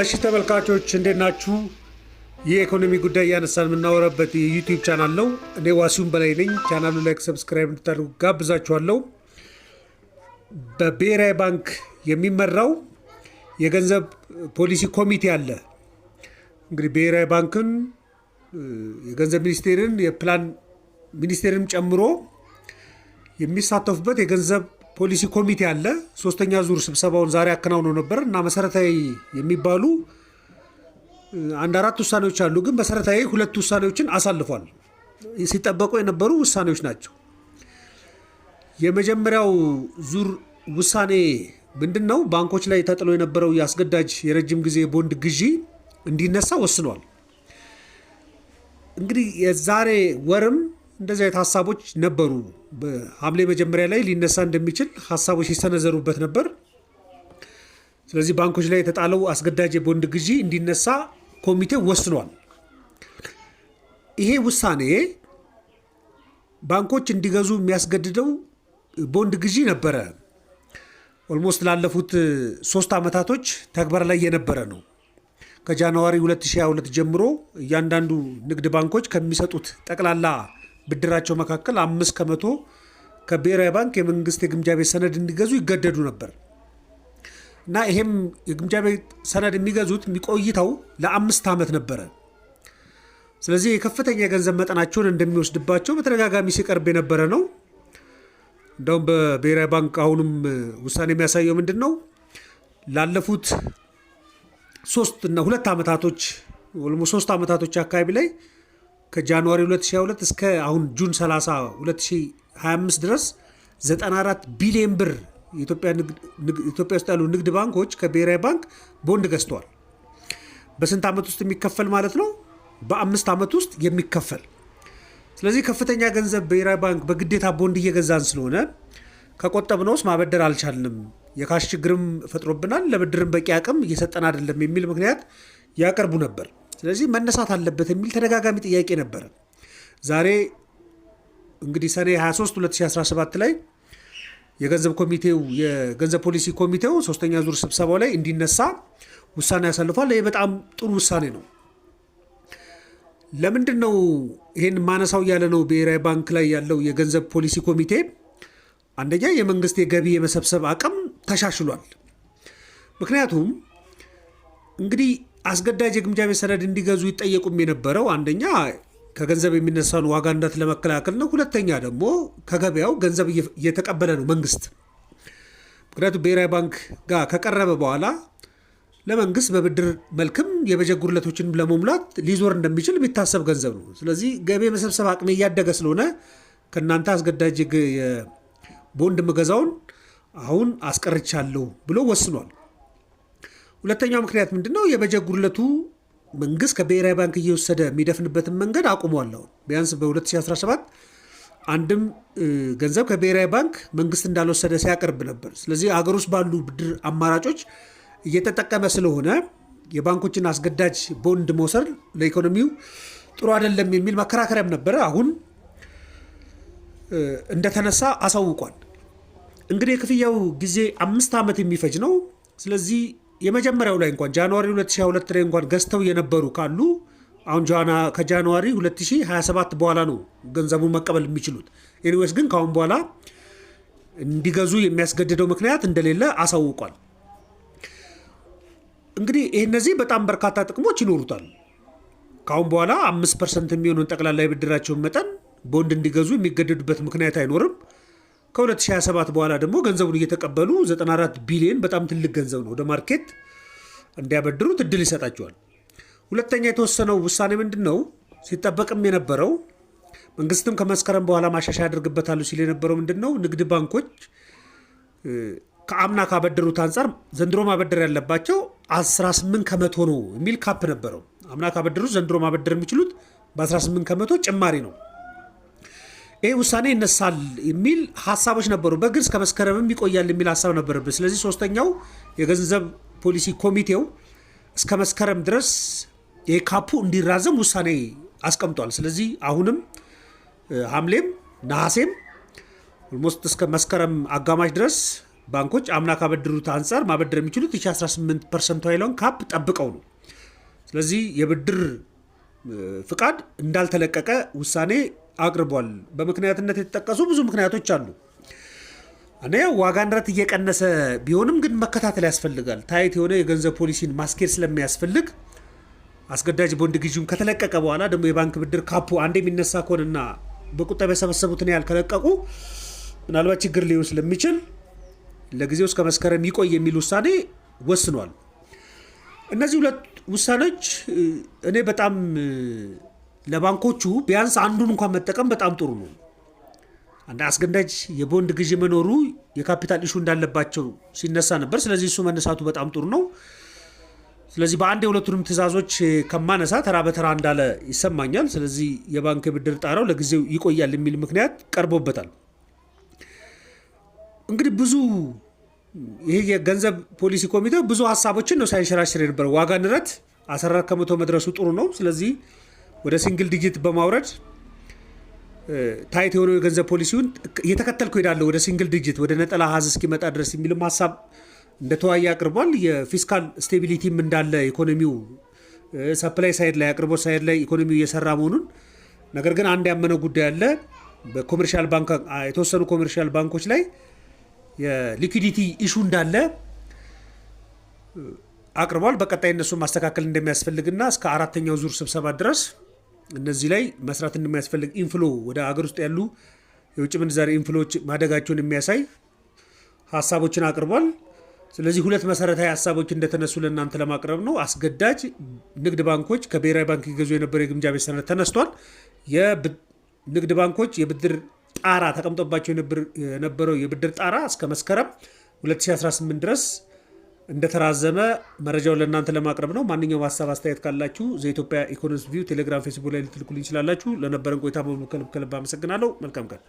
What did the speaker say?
እሺ ተመልካቾች እንዴት ናችሁ? የኢኮኖሚ ጉዳይ እያነሳን የምናወረበት የዩቲዩብ ቻናል ነው። እኔ ዋሲሁን በላይ ነኝ። ቻናሉ ላይክ፣ ሰብስክራይብ እንድታደርጉ ጋብዛችኋለሁ። በብሔራዊ ባንክ የሚመራው የገንዘብ ፖሊሲ ኮሚቴ አለ። እንግዲህ ብሔራዊ ባንክን፣ የገንዘብ ሚኒስቴርን፣ የፕላን ሚኒስቴርን ጨምሮ የሚሳተፉበት የገንዘብ ፖሊሲ ኮሚቴ አለ። ሶስተኛ ዙር ስብሰባውን ዛሬ አከናውኖ ነበር እና መሰረታዊ የሚባሉ አንድ አራት ውሳኔዎች አሉ። ግን መሰረታዊ ሁለት ውሳኔዎችን አሳልፏል። ሲጠበቁ የነበሩ ውሳኔዎች ናቸው። የመጀመሪያው ዙር ውሳኔ ምንድን ነው? ባንኮች ላይ ተጥሎ የነበረው የአስገዳጅ የረጅም ጊዜ ቦንድ ግዢ እንዲነሳ ወስኗል። እንግዲህ የዛሬ ወርም እንደዚህ አይነት ሀሳቦች ነበሩ። በሐምሌ መጀመሪያ ላይ ሊነሳ እንደሚችል ሀሳቦች ሲሰነዘሩበት ነበር። ስለዚህ ባንኮች ላይ የተጣለው አስገዳጅ የቦንድ ግዢ እንዲነሳ ኮሚቴ ወስኗል። ይሄ ውሳኔ ባንኮች እንዲገዙ የሚያስገድደው ቦንድ ግዢ ነበረ። ኦልሞስት ላለፉት ሶስት ዓመታቶች ተግባር ላይ የነበረ ነው። ከጃንዋሪ 2022 ጀምሮ እያንዳንዱ ንግድ ባንኮች ከሚሰጡት ጠቅላላ ብድራቸው መካከል አምስት ከመቶ ከብሔራዊ ባንክ የመንግስት የግምጃ ቤት ሰነድ እንዲገዙ ይገደዱ ነበር እና ይሄም የግምጃ ቤት ሰነድ የሚገዙት የሚቆይተው ለአምስት ዓመት ነበረ። ስለዚህ የከፍተኛ የገንዘብ መጠናቸውን እንደሚወስድባቸው በተደጋጋሚ ሲቀርብ የነበረ ነው። እንደውም በብሔራዊ ባንክ አሁንም ውሳኔ የሚያሳየው ምንድን ነው? ላለፉት ሶስት እና ሁለት ዓመታቶች ሶስት ዓመታቶች አካባቢ ላይ ከጃንዋሪ 2022 እስከ አሁን ጁን 30 2025 ድረስ 94 ቢሊዮን ብር ኢትዮጵያ ውስጥ ያሉ ንግድ ባንኮች ከብሔራዊ ባንክ ቦንድ ገዝተዋል። በስንት ዓመት ውስጥ የሚከፈል ማለት ነው? በአምስት ዓመት ውስጥ የሚከፈል ስለዚህ ከፍተኛ ገንዘብ ብሔራዊ ባንክ በግዴታ ቦንድ እየገዛን ስለሆነ ከቆጠብነውስ ማበደር አልቻልንም፣ የካሽ ችግርም ፈጥሮብናል፣ ለብድርም በቂ አቅም እየሰጠን አይደለም የሚል ምክንያት ያቀርቡ ነበር። ስለዚህ መነሳት አለበት የሚል ተደጋጋሚ ጥያቄ ነበረ። ዛሬ እንግዲህ ሰኔ 23 2017 ላይ የገንዘብ ኮሚቴው የገንዘብ ፖሊሲ ኮሚቴው ሶስተኛ ዙር ስብሰባው ላይ እንዲነሳ ውሳኔ ያሳልፏል። ይህ በጣም ጥሩ ውሳኔ ነው። ለምንድን ነው ይህን ማነሳው ያለ ነው? ብሔራዊ ባንክ ላይ ያለው የገንዘብ ፖሊሲ ኮሚቴ አንደኛ የመንግስት የገቢ የመሰብሰብ አቅም ተሻሽሏል። ምክንያቱም እንግዲህ አስገዳጅ የግምጃ ቤት ሰነድ እንዲገዙ ይጠየቁም የነበረው አንደኛ ከገንዘብ የሚነሳውን ዋጋ ንረት ለመከላከል ነው። ሁለተኛ ደግሞ ከገበያው ገንዘብ እየተቀበለ ነው መንግስት። ምክንያቱም ብሔራዊ ባንክ ጋር ከቀረበ በኋላ ለመንግስት በብድር መልክም የበጀት ጉድለቶችን ለመሙላት ሊዞር እንደሚችል የሚታሰብ ገንዘብ ነው። ስለዚህ ገቢ መሰብሰብ አቅሜ እያደገ ስለሆነ ከእናንተ አስገዳጅ ቦንድ ምገዛውን አሁን አስቀርቻለሁ ብሎ ወስኗል። ሁለተኛው ምክንያት ምንድነው? የበጀት ጉድለቱ መንግስት ከብሔራዊ ባንክ እየወሰደ የሚደፍንበትን መንገድ አቁሟለሁ። ቢያንስ በ2017 አንድም ገንዘብ ከብሔራዊ ባንክ መንግስት እንዳልወሰደ ሲያቀርብ ነበር። ስለዚህ አገር ውስጥ ባሉ ብድር አማራጮች እየተጠቀመ ስለሆነ የባንኮችን አስገዳጅ ቦንድ መውሰድ ለኢኮኖሚው ጥሩ አይደለም የሚል መከራከሪያም ነበረ። አሁን እንደተነሳ አሳውቋል። እንግዲህ የክፍያው ጊዜ አምስት ዓመት የሚፈጅ ነው። ስለዚህ የመጀመሪያው ላይ እንኳን ጃንዋሪ 2022 ላይ እንኳን ገዝተው የነበሩ ካሉ አሁን ከጃንዋሪ 2027 በኋላ ነው ገንዘቡን መቀበል የሚችሉት። ኤኒዌይስ ግን ከአሁን በኋላ እንዲገዙ የሚያስገድደው ምክንያት እንደሌለ አሳውቋል። እንግዲህ ይህ እነዚህ በጣም በርካታ ጥቅሞች ይኖሩታል። ከአሁን በኋላ አምስት ፐርሰንት የሚሆኑን ጠቅላላ የብድራቸውን መጠን ቦንድ እንዲገዙ የሚገደዱበት ምክንያት አይኖርም። ከ2027 በኋላ ደግሞ ገንዘቡን እየተቀበሉ 94 ቢሊዮን በጣም ትልቅ ገንዘብ ነው፣ ወደ ማርኬት እንዲያበድሩት እድል ይሰጣቸዋል። ሁለተኛ የተወሰነው ውሳኔ ምንድን ነው? ሲጠበቅም የነበረው መንግስትም ከመስከረም በኋላ ማሻሻያ ያደርግበታሉ ሲል የነበረው ምንድን ነው? ንግድ ባንኮች ከአምና ካበደሩት አንጻር ዘንድሮ ማበደር ያለባቸው 18 ከመቶ ነው የሚል ካፕ ነበረው። አምና ካበደሩት ዘንድሮ ማበደር የሚችሉት በ18 ከመቶ ጭማሪ ነው። ይህ ውሳኔ ይነሳል የሚል ሀሳቦች ነበሩ። በግልጽ ከመስከረምም ይቆያል የሚል ሀሳብ ነበረበት። ስለዚህ ሶስተኛው የገንዘብ ፖሊሲ ኮሚቴው እስከ መስከረም ድረስ ይሄ ካፑ እንዲራዘም ውሳኔ አስቀምጧል። ስለዚህ አሁንም ሐምሌም ነሐሴም ኦልሞስት እስከ መስከረም አጋማሽ ድረስ ባንኮች አምና ካበድሩት አንጻር ማበደር የሚችሉት የ18 ፐርሰንት ኃይለውን ካፕ ጠብቀው ነው። ስለዚህ የብድር ፍቃድ እንዳልተለቀቀ ውሳኔ አቅርቧል። በምክንያትነት የተጠቀሱ ብዙ ምክንያቶች አሉ። እኔ ዋጋ ንረት እየቀነሰ ቢሆንም ግን መከታተል ያስፈልጋል። ታይት የሆነ የገንዘብ ፖሊሲን ማስኬድ ስለሚያስፈልግ አስገዳጅ ቦንድ ግዥም ከተለቀቀ በኋላ ደግሞ የባንክ ብድር ካፑ አንድ የሚነሳ ከሆነና በቁጠባ የሰበሰቡትን ያህል ከለቀቁ ምናልባት ችግር ሊሆን ስለሚችል ለጊዜው እስከ መስከረም ይቆይ የሚል ውሳኔ ወስኗል። እነዚህ ሁለት ውሳኔዎች እኔ በጣም ለባንኮቹ ቢያንስ አንዱን እንኳን መጠቀም በጣም ጥሩ ነው። አንድ አስገዳጅ የቦንድ ግዢ መኖሩ የካፒታል ኢሹ እንዳለባቸው ሲነሳ ነበር። ስለዚህ እሱ መነሳቱ በጣም ጥሩ ነው። ስለዚህ በአንድ የሁለቱንም ትዕዛዞች ከማነሳ ተራ በተራ እንዳለ ይሰማኛል። ስለዚህ የባንክ የብድር ጣራው ለጊዜው ይቆያል የሚል ምክንያት ቀርቦበታል። እንግዲህ ብዙ ይህ የገንዘብ ፖሊሲ ኮሚቴው ብዙ ሀሳቦችን ነው ሳይንሸራሽር የነበረ ዋጋ ንረት 14 ከመቶ መድረሱ ጥሩ ነው። ስለዚህ ወደ ሲንግል ዲጂት በማውረድ ታይት የሆነው የገንዘብ ፖሊሲውን እየተከተልኩ ሄዳለሁ ወደ ሲንግል ዲጂት ወደ ነጠላ ሀዝ እስኪመጣ ድረስ የሚልም ሀሳብ እንደተወያየ አቅርቧል። የፊስካል ስቴቢሊቲም እንዳለ ኢኮኖሚው ሰፕላይ ሳይድ ላይ አቅርቦት ሳይድ ላይ ኢኮኖሚው እየሰራ መሆኑን ነገር ግን አንድ ያመነው ጉዳይ አለ። በኮሜርሻል ባንክ የተወሰኑ ኮሜርሻል ባንኮች ላይ የሊኩዲቲ ኢሹ እንዳለ አቅርቧል። በቀጣይ እነሱን ማስተካከል እንደሚያስፈልግና እስከ አራተኛው ዙር ስብሰባ ድረስ እነዚህ ላይ መስራት እንደማያስፈልግ ኢንፍሎ ወደ ሀገር ውስጥ ያሉ የውጭ ምንዛሪ ኢንፍሎዎች ማደጋቸውን የሚያሳይ ሀሳቦችን አቅርቧል። ስለዚህ ሁለት መሰረታዊ ሀሳቦች እንደተነሱ ለእናንተ ለማቅረብ ነው። አስገዳጅ ንግድ ባንኮች ከብሔራዊ ባንክ ይገዙ የነበረ የግምጃ ቤት ሰነድ ተነስቷል። ንግድ ባንኮች የብድር ጣራ ተቀምጦባቸው የነበረው የብድር ጣራ እስከ መስከረም 2018 ድረስ እንደተራዘመ መረጃውን ለእናንተ ለማቅረብ ነው። ማንኛውም ሀሳብ አስተያየት ካላችሁ ዘኢትዮጵያ ኢኮኖሚስት ቪው ቴሌግራም፣ ፌስቡክ ላይ ልትልኩልኝ ይችላላችሁ። ለነበረን ቆይታ በሙሉ ከልብ ከልብ አመሰግናለሁ። መልካም ቀን